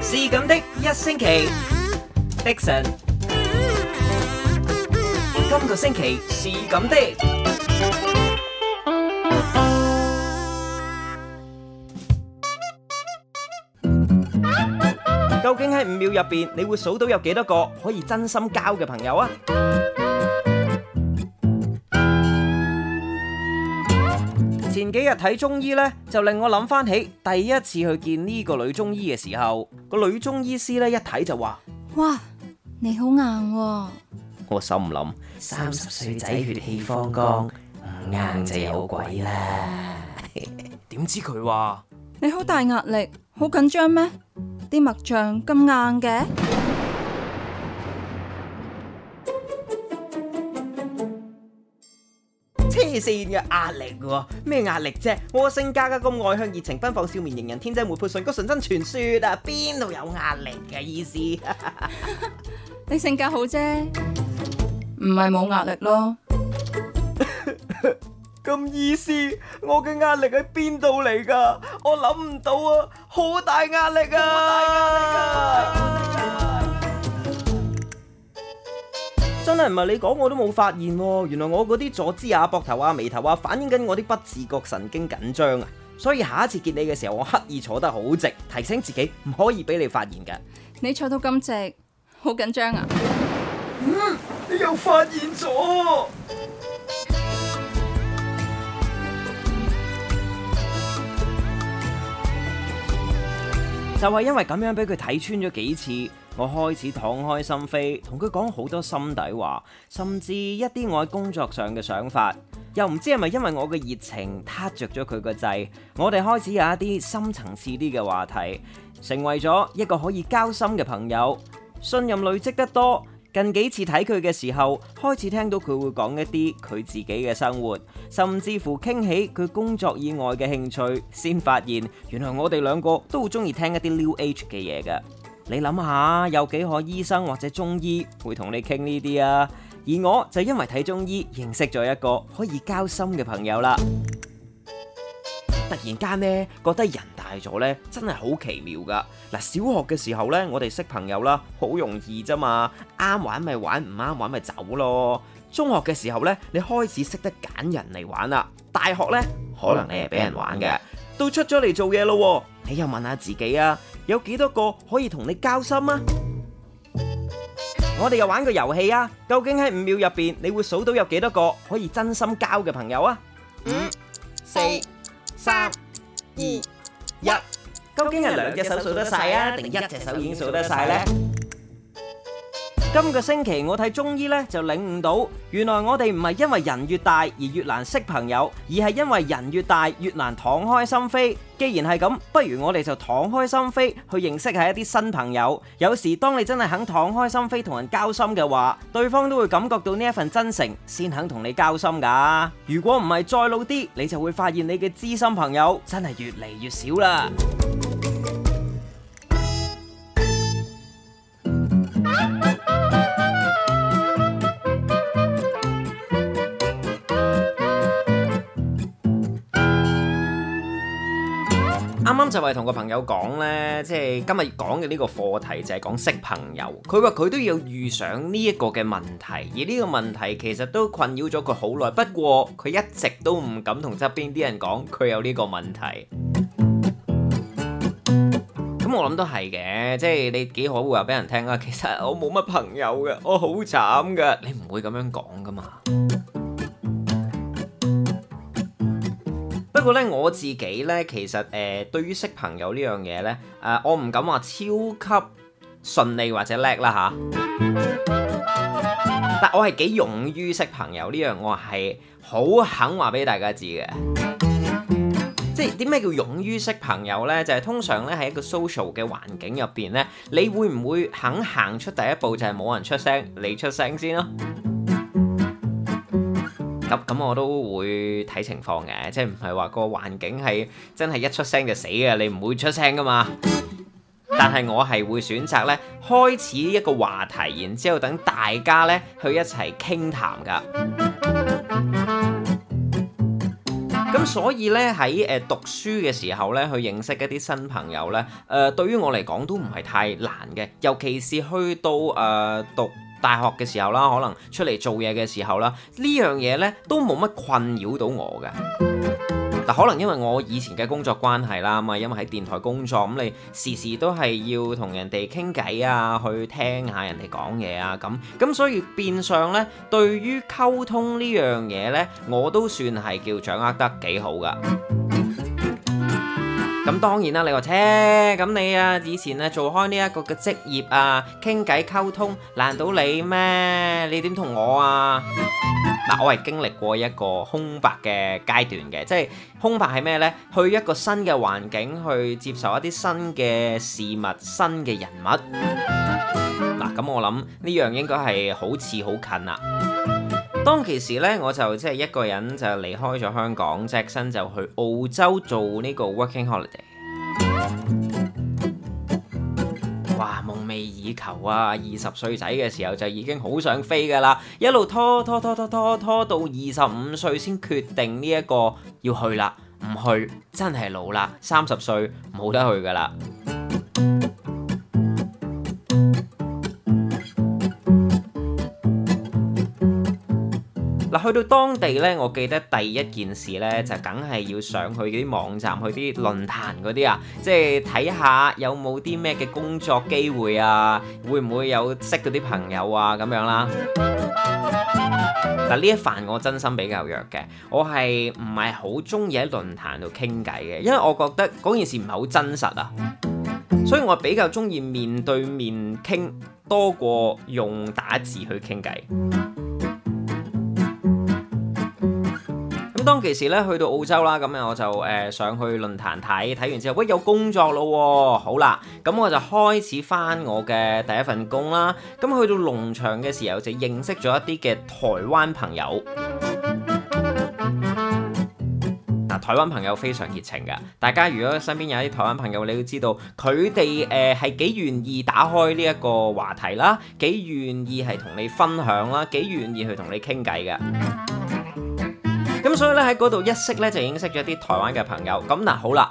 是咁的一星期，Dixon，今個星期是咁的， 究竟喺五秒入邊，你會數到有幾多個可以真心交嘅朋友啊？前幾日睇中醫呢，就令我諗翻起第一次去見呢個女中醫嘅時候，個女中醫師呢一睇就話：哇，你好硬喎！我心諗三十歲仔血氣方剛，唔硬，硬就有鬼啦。點 知佢話你好大壓力，好緊張咩？啲脈象咁硬嘅。黐線嘅壓力喎、啊？咩壓力啫、啊？我性格咁外向、熱情、奔放、笑面迎人、天真、活潑、純個純真傳説啊！邊度有壓力嘅意思？ 你性格好啫，唔係冇壓力咯。咁 意思？我嘅壓力喺邊度嚟㗎？我諗唔到啊！好大壓力啊！ 好大真係唔係你講我都冇發現，哦，原來我嗰啲坐姿啊、膊頭啊、眉頭啊，反映緊我啲不自覺神經緊張啊，所以下一次見你嘅時候，我刻意坐得好直，提醒自己唔可以俾你發現㗎。你坐到咁直，好緊張啊！嗯，你又發現咗。就係因為咁樣俾佢睇穿咗幾次，我開始敞開心扉，同佢講好多心底話，甚至一啲我喺工作上嘅想法，又唔知係咪因為我嘅熱情撻着咗佢個掣。我哋開始有一啲深層次啲嘅話題，成為咗一個可以交心嘅朋友，信任累積得多。近幾次睇佢嘅時候，開始聽到佢會講一啲佢自己嘅生活，甚至乎傾起佢工作以外嘅興趣，先發現原來我哋兩個都好中意聽一啲 New Age 嘅嘢㗎。你諗下，有幾可醫生或者中醫會同你傾呢啲啊？而我就因為睇中醫，認識咗一個可以交心嘅朋友啦。突然間呢，覺得人。大咗咧，真係好奇妙噶！嗱，小學嘅時候呢，我哋識朋友啦，好容易啫嘛，啱玩咪玩，唔啱玩咪走咯。中學嘅時候呢，你開始識得揀人嚟玩啦。大學呢，可能你係俾人玩嘅。都出咗嚟做嘢咯，你又問下自己啊，有幾多個可以同你交心啊？我哋又玩個遊戲啊，究竟喺五秒入邊你會數到有幾多個可以真心交嘅朋友啊？五、四、三、二。一，Yep. 究竟係兩隻手,手數得晒啊，定還是 一隻手已經手 數得晒咧？手 今個星期我睇中醫呢，就領悟到，原來我哋唔係因為人越大而越難識朋友，而係因為人越大越難敞開心扉。既然係咁，不如我哋就敞開心扉去認識下一啲新朋友。有時當你真係肯敞開心扉同人交心嘅話，對方都會感覺到呢一份真誠，先肯同你交心㗎。如果唔係，再老啲，你就會發現你嘅知心朋友真係越嚟越少啦。就係同個朋友講呢，即係今日講嘅呢個課題就係講識朋友。佢話佢都要遇上呢一個嘅問題，而呢個問題其實都困擾咗佢好耐。不過佢一直都唔敢同側邊啲人講佢有呢個問題。咁、 嗯、我諗都係嘅，即係你幾可會話俾人聽啊？其實我冇乜朋友噶，我好慘噶，你唔會咁樣講噶嘛。不過咧，我自己咧，其實誒、呃，對於識朋友呢樣嘢咧，誒、呃，我唔敢話超級順利或者叻啦吓， 但我係幾勇於識朋友呢樣，我係好肯話俾大家知嘅。 即係點咩叫勇於識朋友呢？就係、是、通常咧喺一個 social 嘅環境入邊呢，你會唔會肯行出第一步？就係冇人出聲，你出聲先咯。咁我都會睇情況嘅，即係唔係話個環境係真係一出聲就死嘅，你唔會出聲㗎嘛。但係我係會選擇呢，開始一個話題，然之後等大家呢去一齊傾談㗎。咁 所以呢，喺誒、呃、讀書嘅時候呢，去認識一啲新朋友呢，誒、呃、對於我嚟講都唔係太難嘅，尤其是去到誒、呃、讀大學嘅時候啦，可能出嚟做嘢嘅時候啦，呢樣嘢呢都冇乜困擾到我嘅。但，可能因為我以前嘅工作關係啦，咁啊，因為喺電台工作，咁你時時都係要同人哋傾偈啊，去聽下人哋講嘢啊，咁咁，所以變相呢，對於溝通呢樣嘢呢，我都算係叫掌握得幾好噶。咁當然啦，你話啫，咁、欸、你啊以前啊做開呢一個嘅職業啊，傾偈溝通難到你咩？你點同我啊？嗱， 我係經歷過一個空白嘅階段嘅，即係空白係咩呢？去一個新嘅環境去接受一啲新嘅事物、新嘅人物。嗱，咁、 啊、我諗呢樣應該係好似好近啦。當其時咧，我就即係一個人就離開咗香港，隻身就去澳洲做呢個 working holiday。哇，夢寐以求啊！二十歲仔嘅時候就已經好想飛噶啦，一路拖拖拖拖拖拖到二十五歲先決定呢一個要去啦。唔去真係老啦，三十歲冇得去噶啦。去到當地呢，我記得第一件事呢，就梗係要上去啲網站、去啲論壇嗰啲啊，即係睇下有冇啲咩嘅工作機會啊，會唔會有識到啲朋友啊咁樣啦。嗱，呢一環我真心比較弱嘅，我係唔係好中意喺論壇度傾偈嘅，因為我覺得嗰件事唔係好真實啊，所以我比較中意面對面傾，多過用打字去傾偈。當其時咧，去到澳洲啦，咁我就誒、呃、上去論壇睇，睇完之後，喂，有工作咯，哦，好啦，咁我就開始返我嘅第一份工啦。咁去到農場嘅時候，就認識咗一啲嘅台灣朋友。嗱，台灣朋友非常熱情㗎，大家如果身邊有一啲台灣朋友，你都知道佢哋誒係幾願意打開呢一個話題啦，幾願意係同你分享啦，幾願意去同你傾偈嘅。咁所以呢喺嗰度一識呢就已經識咗啲台灣嘅朋友。咁嗱好啦，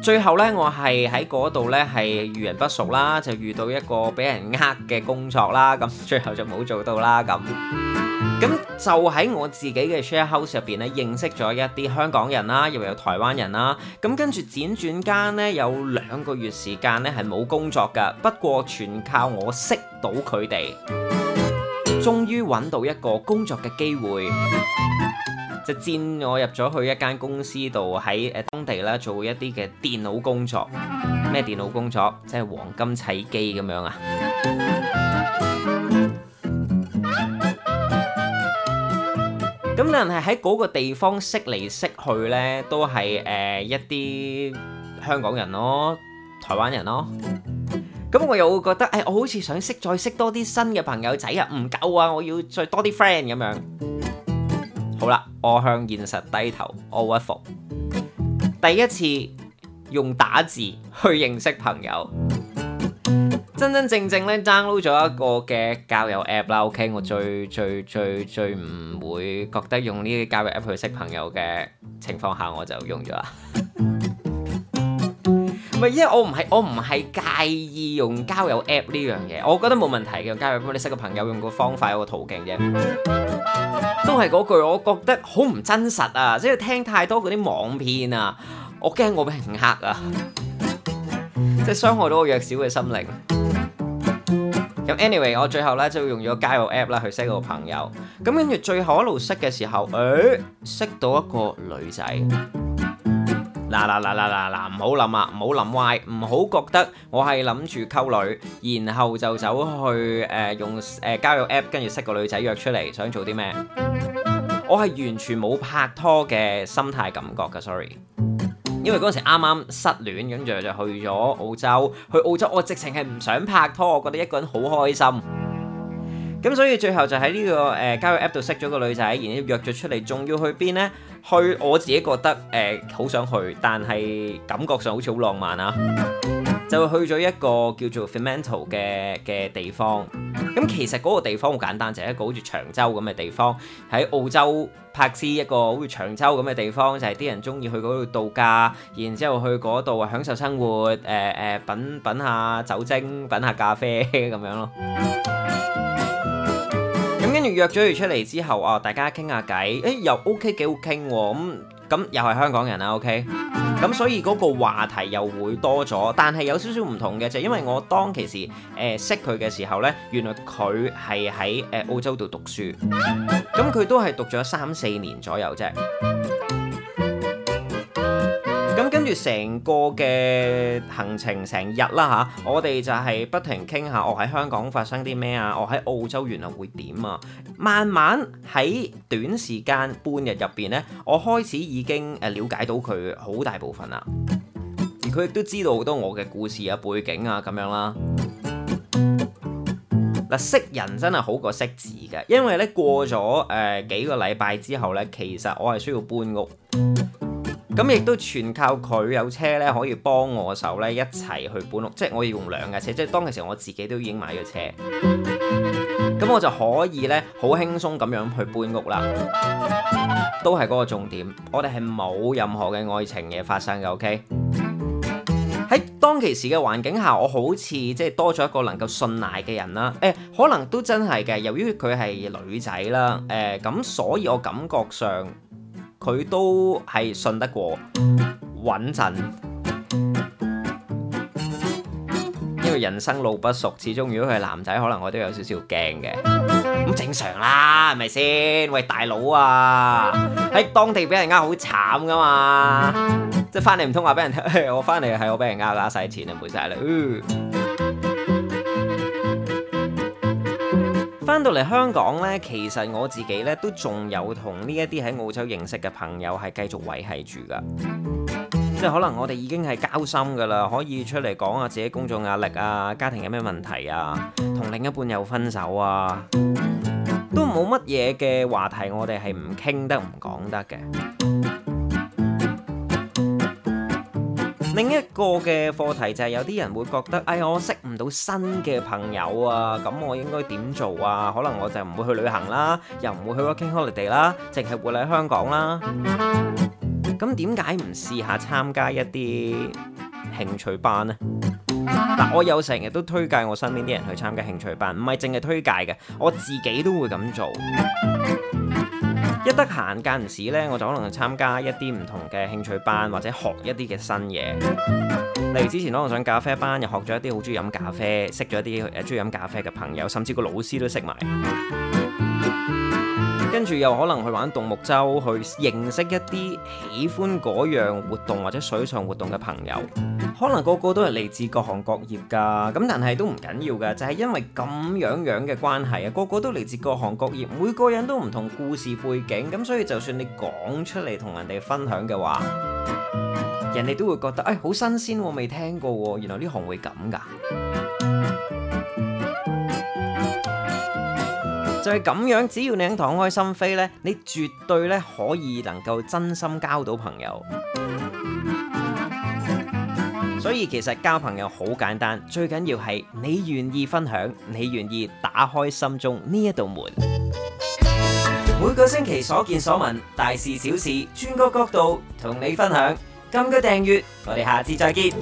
最後呢我係喺嗰度呢係遇人不淑啦，就遇到一個俾人呃嘅工作啦。咁最後就冇做到啦。咁咁就喺我自己嘅 share house 入邊呢認識咗一啲香港人啦，又有台灣人啦。咁跟住輾轉間呢有兩個月時間呢係冇工作㗎，不過全靠我識到佢哋，終於揾到一個工作嘅機會。就働我入咗去一間公司度喺誒當地啦，做一啲嘅電腦工作，咩電腦工作？即係黃金砌機咁樣啊！咁但係喺嗰個地方識嚟識去呢，都係誒一啲香港人咯，台灣人咯。咁我又會覺得誒，我好似想識再識多啲新嘅朋友仔啊，唔夠啊，我要再多啲 friend 咁樣。好啦，我向現實低頭，我屈服。第一次用打字去認識朋友，真真正正咧 download 咗一個嘅交友 app 啦。OK，我最最最最唔會覺得用呢啲交友 app 去識朋友嘅情況下，我就用咗啦。唔係，因為我唔係我唔係介意用交友 app 呢樣嘢，我覺得冇問題嘅。交友 app 你識個朋友用個方法個途徑啫，都係嗰句，我覺得好唔真實啊！即係聽太多嗰啲網片啊，我驚我被黑啊，即係傷害到我弱小嘅心靈。咁 anyway，我最後咧就用咗交友 app 啦去識個朋友。咁跟住最後一路識嘅時候，誒，識到一個女仔。嗱嗱嗱嗱嗱嗱，唔好諗啊，唔好諗歪，唔好覺得我係諗住溝女，然後就走去誒、呃、用誒、呃、交友 app 跟住識個女仔約出嚟，想做啲咩？我係完全冇拍拖嘅心態感覺㗎，sorry。因為嗰陣時啱啱失戀，跟住就去咗澳洲，去澳洲我直情係唔想拍拖，我覺得一個人好開心。咁所以最後就喺呢、這個誒交友 App 度識咗個女仔，然之後約咗出嚟，仲要去邊呢？去我自己覺得誒好、呃、想去，但係感覺上好似好浪漫啊！就去咗一個叫做 Fremantle 嘅嘅地方。咁其實嗰個地方好簡單，就係、是、一個好似長洲咁嘅地方，喺澳洲珀斯一個好似長洲咁嘅地方，就係、是、啲人中意去嗰度度假，然之後去嗰度享受生活，誒、呃、誒、呃、品品下酒精，品下咖啡咁樣咯。約咗佢出嚟之後，哦，大家傾下偈，誒、欸、又 OK 幾好傾喎，咁、嗯、咁又係香港人啦，OK，咁 所以嗰個話題又會多咗，但係有少少唔同嘅就係因為我當其時誒、呃、識佢嘅時候呢，原來佢係喺誒澳洲度讀書，咁佢都係讀咗三四年左右啫。跟住成個嘅行程成日啦，吓，我哋就係不停傾下我喺香港發生啲咩啊，我喺澳洲原來會點啊，慢慢喺短時間半日入邊呢，我開始已經誒了解到佢好大部分啦，而佢亦都知道好多我嘅故事啊背景啊咁樣啦。嗱，識人真係好過識字嘅，因為呢過咗誒、呃、幾個禮拜之後呢，其實我係需要搬屋。咁亦都全靠佢有車咧，可以幫我手咧，一齊去搬屋。即係我要用兩架車，即係當其時我自己都已經買咗車，咁我就可以咧好輕鬆咁樣去搬屋啦。都係嗰個重點，我哋係冇任何嘅愛情嘢發生嘅。OK，喺當其時嘅環境下，我好似即係多咗一個能夠信賴嘅人啦。誒，可能都真係嘅，由於佢係女仔啦，誒咁，所以我感覺上。佢都係信得過，穩陣。因為人生路不熟，始終如果佢係男仔，可能我都有少少驚嘅。咁 正常啦，係咪先？喂大佬啊，喺當地俾人呃好慘噶嘛！即係翻嚟唔通話俾人聽，哎，我翻嚟係我俾人呃呃晒錢啊，冇晒啦。翻到嚟香港呢，其實我自己呢，都仲有同呢一啲喺澳洲認識嘅朋友係繼續維係住噶，即係可能我哋已經係交心噶啦，可以出嚟講下自己工作壓力啊，家庭有咩問題啊，同另一半有分手啊，都冇乜嘢嘅話題，我哋係唔傾得唔講得嘅。另一個嘅課題就係、是、有啲人會覺得，哎，我識唔到新嘅朋友啊，咁我應該點做啊？可能我就唔會去旅行啦，又唔會去 working holiday 啦，淨係會喺香港啦。咁點解唔試下參加一啲興趣班呢？嗱， 我有成日都推介我身邊啲人去參加興趣班，唔係淨係推介嘅，我自己都會咁做。一得閒間唔時呢，我就可能參加一啲唔同嘅興趣班，或者學一啲嘅新嘢。例如之前可能上咖啡班，又學咗一啲好中意飲咖啡，識咗一啲誒中意飲咖啡嘅朋友，甚至個老師都識埋。跟住又可能去玩獨木舟，去認識一啲喜歡嗰樣活動或者水上活動嘅朋友，可能個個都係嚟自各行各業噶，咁但係都唔緊要噶，就係因為咁樣樣嘅關係啊，個個都嚟自各行各業，每個人都唔同故事背景，咁所以就算你講出嚟同人哋分享嘅話，人哋都會覺得誒好新鮮，未聽過，原來呢行會咁噶。就係咁樣，只要你肯敞開心扉咧，你絕對咧可以能夠真心交到朋友。所以其實交朋友好簡單，最緊要係你願意分享，你願意打開心中呢一道門。每個星期所見所聞，大事小事，轉個角度同你分享。撳個訂閱，我哋下次再見。